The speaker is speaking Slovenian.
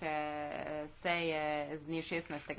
kratke seje z dne 16.